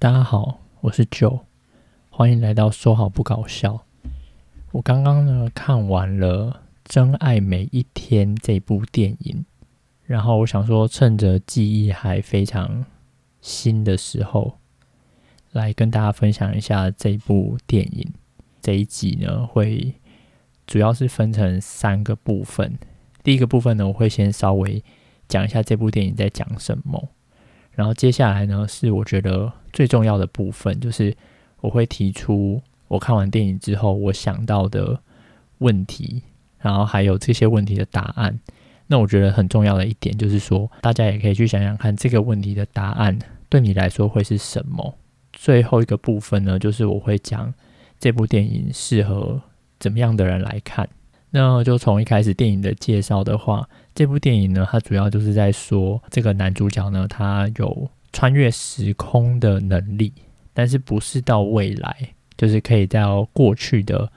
大家好，我是 Joe，歡迎來到說好不搞笑。我剛剛呢看完了《真愛每一天》這部電影，然後我想說，趁着記憶還非常新的時候，來跟大家分享一下這部電影。這一集呢，會主要是分成三個部分。第一個部分呢，我會先稍微講一下這部電影在講什麼。然後接下來呢，是我覺得最重要的部分，就是我會提出我看完電影之後我想到的問題，然後還有這些問題的答案。那我覺得很重要的一點就是說，大家也可以去想想看這個問題的答案對你來說會是什麼。最後一個部分呢，就是我會講這部電影適合怎麼樣的人來看。那就從一開始電影的介紹的話，這部電影呢，它主要就是在說這個男主角呢，他有穿越時空的能力，但是不是到未來，就是可以到過去的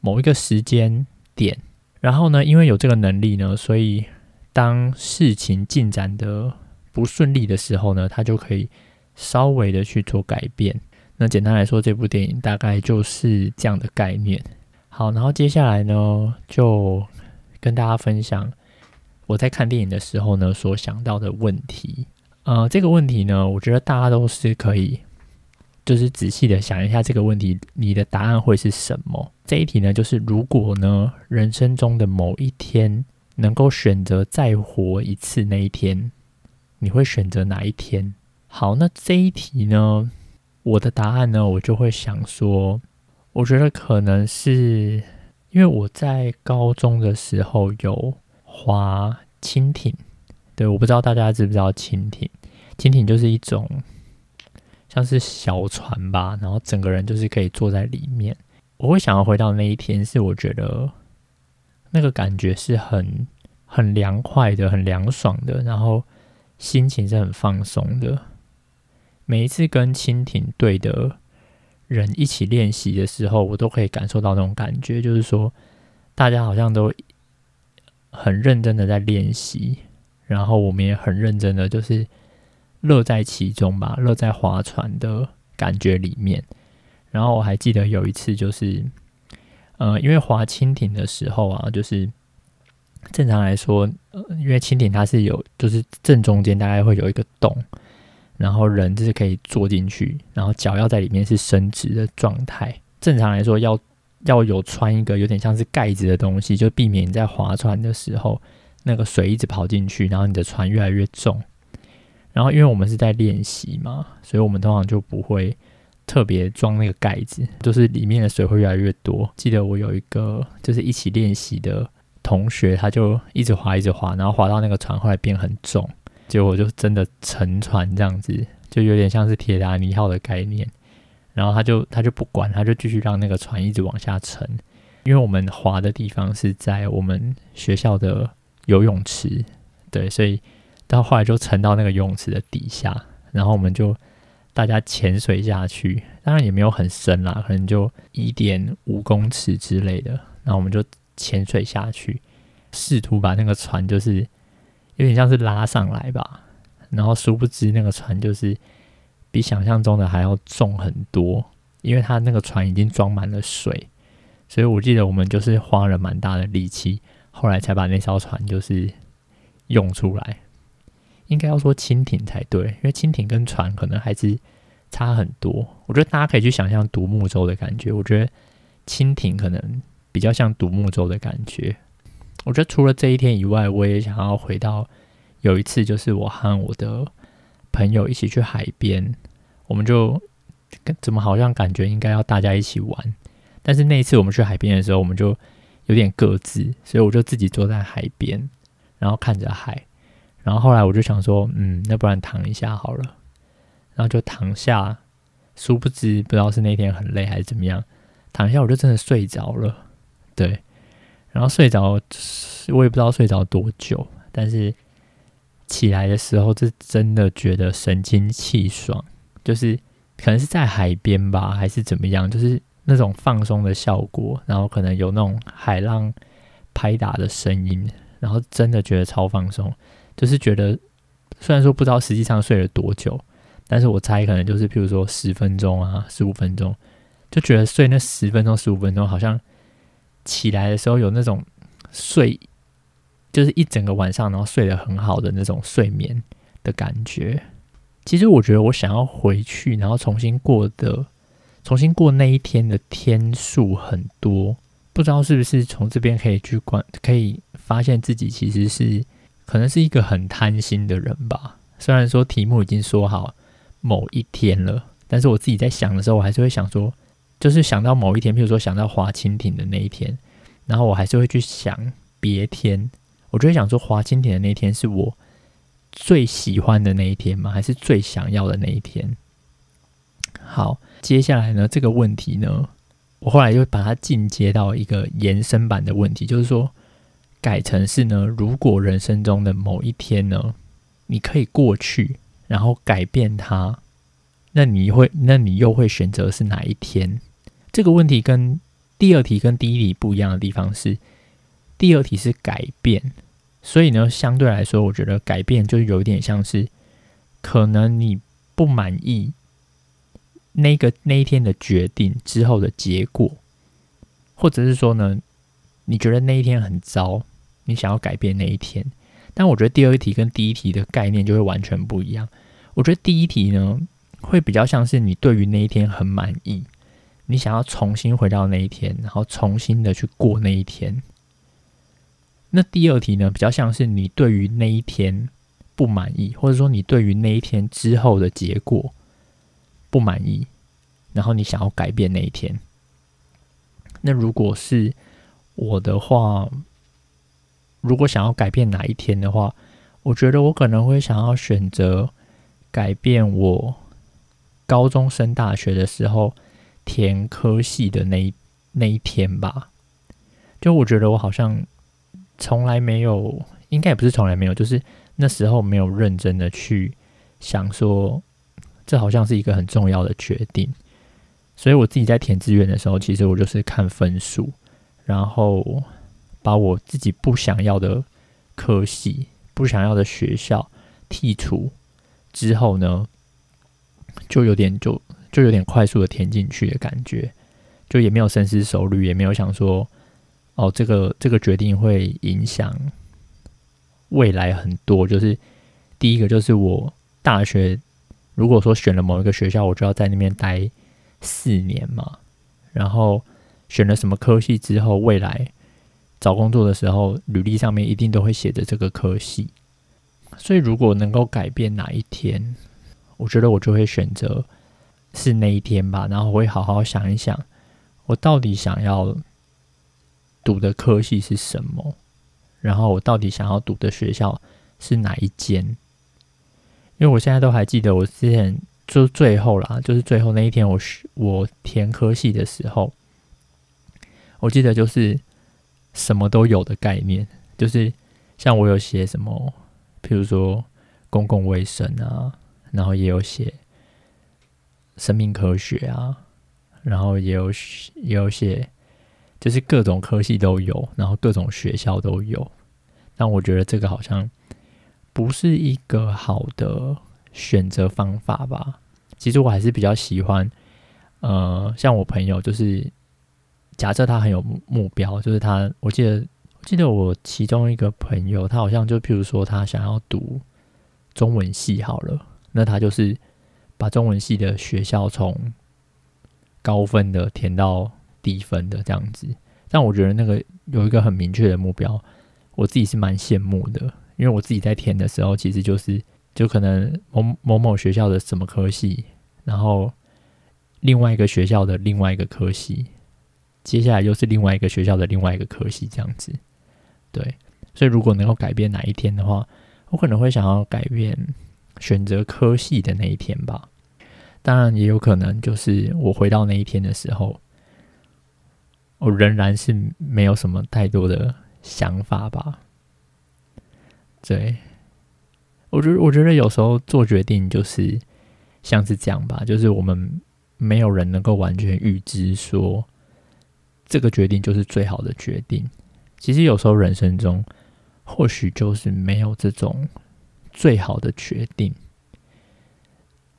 某一個時間點。然後呢，因為有這個能力呢，所以當事情進展得不順利的時候呢，他就可以稍微的去做改變。那簡單來說，這部電影大概就是這樣的概念。好，然後接下來呢，就跟大家分享我在看電影的時候呢，所想到的問題。呃，這個問題呢，我覺得大家都是可以，就是仔細的想一下這個問題，你的答案會是什麼？這一題呢，就是如果呢，人生中的某一天能夠選擇再活一次，那一天你會選擇哪一天？好，那這一題呢，我的答案呢，我就會想說。我覺得可能是因為我在高中的時候有划輕艇，對，我不知道大家知不知道輕艇。輕艇就是一種像是小船吧，然後整個人就是可以坐在裡面。我會想要回到那一天，是我覺得那個感覺是很很涼快的，很涼爽的，然後心情是很放鬆的。每一次跟輕艇對的。人一起練習的時候，我都可以感受到那種感覺，就是說大家好像都很認真的在練習，然後我們也很認真的，就是樂在其中吧，樂在划船的感覺裡面。然後我還記得有一次，就是呃，因為劃輕艇的時候啊，就是正常來說，呃，因為輕艇它是有，就是正中間大概會有一個洞。然後人就是可以坐進去，然後腳要在裡面是伸直的狀態。正常來說要，要要有穿一個有點像是蓋子的東西，就避免你在划船的時候那個水一直跑進去，然後你的船越來越重。然後因為我們是在練習嘛，所以我們通常就不會特別裝那個蓋子，就是裡面的水會越來越多。記得我有一個就是一起練習的同學，他就一直划一直划，然後划到那個船後來變很重。結果我就真的沉船，這樣子，就有點像是鐵達尼號的概念。然後他就他就不管，他就繼續讓那個船一直往下沉。因為我們划的地方是在我們學校的游泳池，對，所以到後來就沉到那個泳池的底下。然後我們就大家潛水下去，當然也沒有很深啦，可能就一點五公尺之類的。那我們就潛水下去，試圖把那個船就是。有點像是拉上來吧，然後殊不知那個船就是比想象中的還要重很多，因為它那個船已經裝滿了水，所以我記得我們就是花了蠻大的力氣，後來才把那艘船就是用出來。應該要說輕艇才對，因為輕艇跟船可能還是差很多。我覺得大家可以去想象獨木舟的感覺，我覺得輕艇可能比較像獨木舟的感覺。我覺得除了這一天以外，我也想要回到有一次，就是我和我的朋友一起去海邊，我們就怎麼好像感覺應該要大家一起玩，但是那一次我們去海邊的時候，我們就有點各自，所以我就自己坐在海邊，然後看着海，然後後來我就想說，嗯，要不然躺一下好了，然後就躺下，殊不知不知道是那天很累還是怎麼樣，躺一下我就真的睡着了，對。然後睡着，我也不知道睡着多久，但是起來的時候是真的覺得神清氣爽，就是可能是在海邊吧，還是怎麼樣，就是那種放鬆的效果。然後可能有那種海浪拍打的聲音，然後真的覺得超放鬆，就是覺得雖然說不知道實際上睡了多久，但是我猜可能就是譬如說十分鐘啊，十五分鐘，就覺得睡那十分鐘、十五分鐘好像。起來的時候有那種睡，就是一整個晚上，然後睡得很好的那種睡眠的感覺。其實我覺得我想要回去，然後重新過的，重新過那一天的天數很多。不知道是不是從這邊可以去觀，可以發現自己其實是可能是一個很貪心的人吧。雖然說題目已經說好某一天了，但是我自己在想的時候，我還是會想說。就是想到某一天，譬如說想到划輕艇的那一天，然後我還是會去想別天，我就會想說，划輕艇的那一天是我最喜歡的那一天嗎？還是最想要的那一天？好，接下來呢，這個問題呢，我後來又把它進階到一個延伸版的問題，就是說改成是呢，如果人生中的某一天呢，你可以過去，然後改變它，那你會，那你又會選擇是哪一天？這個問題跟第二題跟第一題不一樣的地方是，第二題是改變，所以呢，相對來說，我覺得改變就是有一點像是可能你不滿意那個那一天的決定之後的結果，或者是說呢，你覺得那一天很糟，你想要改變那一天。但我覺得第二題跟第一題的概念就會完全不一樣。我覺得第一題呢，會比較像是你對於那一天很滿意。你想要重新回到那一天，然後重新的去過那一天。那第二題呢，比較像是你對於那一天不滿意，或者說你對於那一天之後的結果不滿意，然後你想要改變那一天。那如果是我的話，如果想要改變哪一天的話，我覺得我可能會想要選擇改變我高中升大學的時候。填科系的那一那一天吧，就我覺得我好像從來沒有，應該也不是從來沒有，就是那時候沒有認真的去想說，這好像是一個很重要的決定。所以我自己在填志願的時候，其實我就是看分數，然後把我自己不想要的科系、不想要的學校剔除之後呢，就有點就。就有點快速的填進去的感覺，就也沒有深思熟慮，也沒有想說，哦，這個這個決定會影響未來很多。就是第一個，就是我大學如果說選了某一個學校，我就要在那邊待四年嘛。然後選了什麼科系之後，未來找工作的時候，履歷上面一定都會寫着這個科系。所以如果能夠改變哪一天，我覺得我就會選擇。是那一天吧，然後我會好好想一想，我到底想要讀的科系是什麼，然後我到底想要讀的學校是哪一間？因為我現在都還記得，我之前就最後啦，就是最後那一天我，我我填科系的時候，我記得就是什麼都有的概念，就是像我有寫什麼，比如說公共衛生啊，然後也有寫。生命科學啊，然後也有也有些，就是各種科系都有，然後各種學校都有。但我覺得這個好像不是一個好的選擇方法吧。其實我還是比較喜歡，呃，像我朋友，就是假設他很有目標，就是他，我記得我記得我其中一個朋友，他好像就譬如說他想要讀中文系好了，那他就是。把中文系的學校從高分的填到低分的這樣子，但我覺得那個有一個很明確的目標，我自己是蠻羨慕的，因為我自己在填的時候其實就是就可能某某某學校的什麼科系，然後另外一個學校的另外一個科系，接下來又是另外一個學校的另外一個科系這樣子，對，所以如果能夠改變哪一天的話，我可能會想要改變。選擇科系的那一天吧，當然也有可能就是我回到那一天的時候，我仍然是沒有什麼太多的想法吧。對，我覺得我覺得有時候做決定就是像是這樣吧，就是我們沒有人能夠完全預知說這個決定就是最好的決定。其實有時候人生中或許就是沒有這種。最好的決定，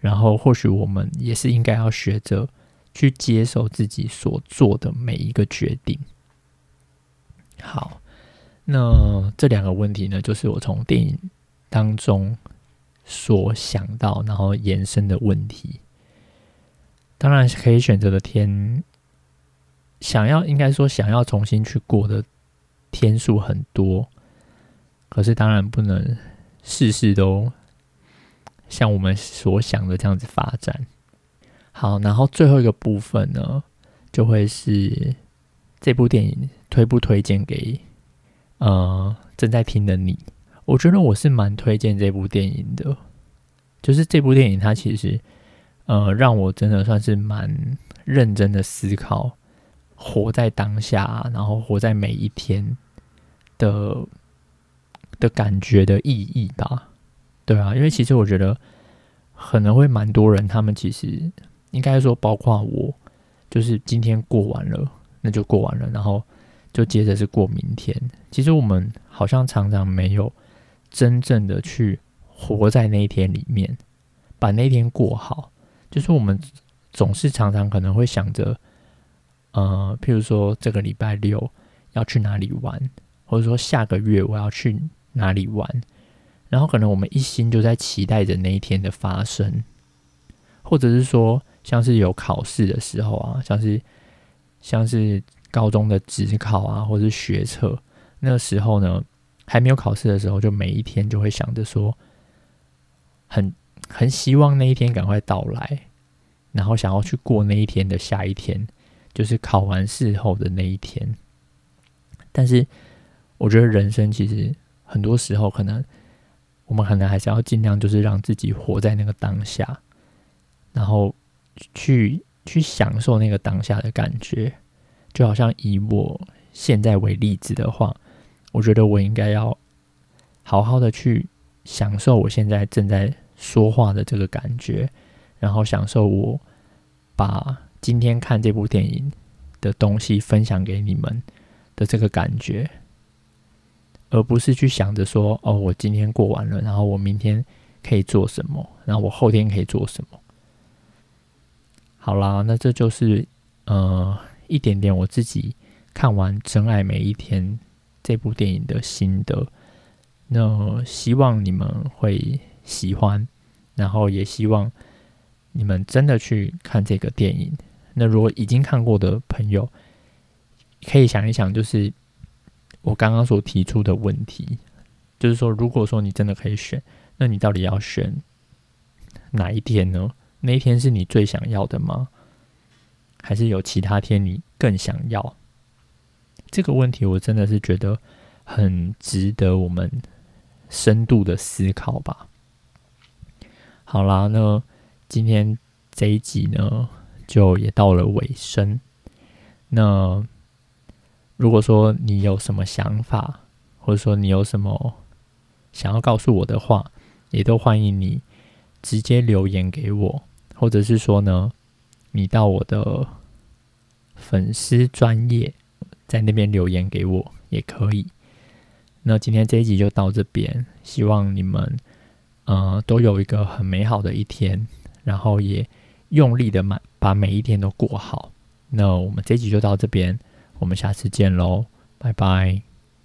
然後或許我們也是應該要學着去接受自己所做的每一個決定。好，那這兩個問題呢，就是我從電影當中所想到，然後延伸的問題。當然可以選擇的天，想要應該說想要重新去過的天數很多，可是當然不能。事事都像我們所想的這樣子發展。好，然後最後一個部分呢，就會是這部電影推不推薦給呃，正在聽的你？我覺得我是蠻推薦這部電影的。就是這部電影，它其實呃，讓我真的算是蠻認真的思考，活在當下，然後活在每一天的。的感覺的意義吧，對啊，因為其實我覺得可能會蠻多人，他們其實應該說包括我，就是今天過完了，那就過完了，然後就接着是過明天。其實我們好像常常沒有真正的去活在那一天裡面，把那天過好。就是我們總是常常可能會想着，呃，譬如說這個禮拜六要去哪裡玩，或者說下個月我要去。哪裡玩？然後可能我們一心就在期待着那一天的發生，或者是說，像是有考試的時候啊，像是像是高中的指考啊，或者是學測，那時候呢，還沒有考試的時候，就每一天就會想着說，很很希望那一天趕快到來，然後想要去過那一天的下一天，就是考完試後的那一天。但是，我覺得人生其實。很多時候，可能我們可能還是要盡量，就是讓自己活在那個當下，然後去去享受那個當下的感覺。就好像以我現在為例子的話，我覺得我應該要好好的去享受我現在正在說話的這個感覺，然後享受我把今天看這部電影的東西分享給你們的這個感覺。而不是去想着說哦，我今天過完了，然後我明天可以做什麼，然後我後天可以做什麼。好啦，那這就是呃一點點我自己看完《真愛每一天》這部電影的心得。那希望你們會喜歡，然後也希望你們真的去看這個電影。那如果已經看過的朋友，可以想一想，就是。我剛剛所提出的問題，就是說，如果說你真的可以選，那你到底要選哪一天呢？那一天是你最想要的嗎？還是有其他天你更想要？這個問題，我真的是覺得很值得我們深度的思考吧。好啦，那今天這一集呢，就也到了尾聲。那。如果說你有什麼想法，或者說你有什麼想要告訴我的話，也都歡迎你直接留言給我，或者是說呢，你到我的粉絲專頁在那邊留言給我也可以。那今天這一集就到這邊，希望你們呃都有一個很美好的一天，然後也用力的滿把每一天都過好。那我們這一集就到這邊。我們下次見嘍，拜拜。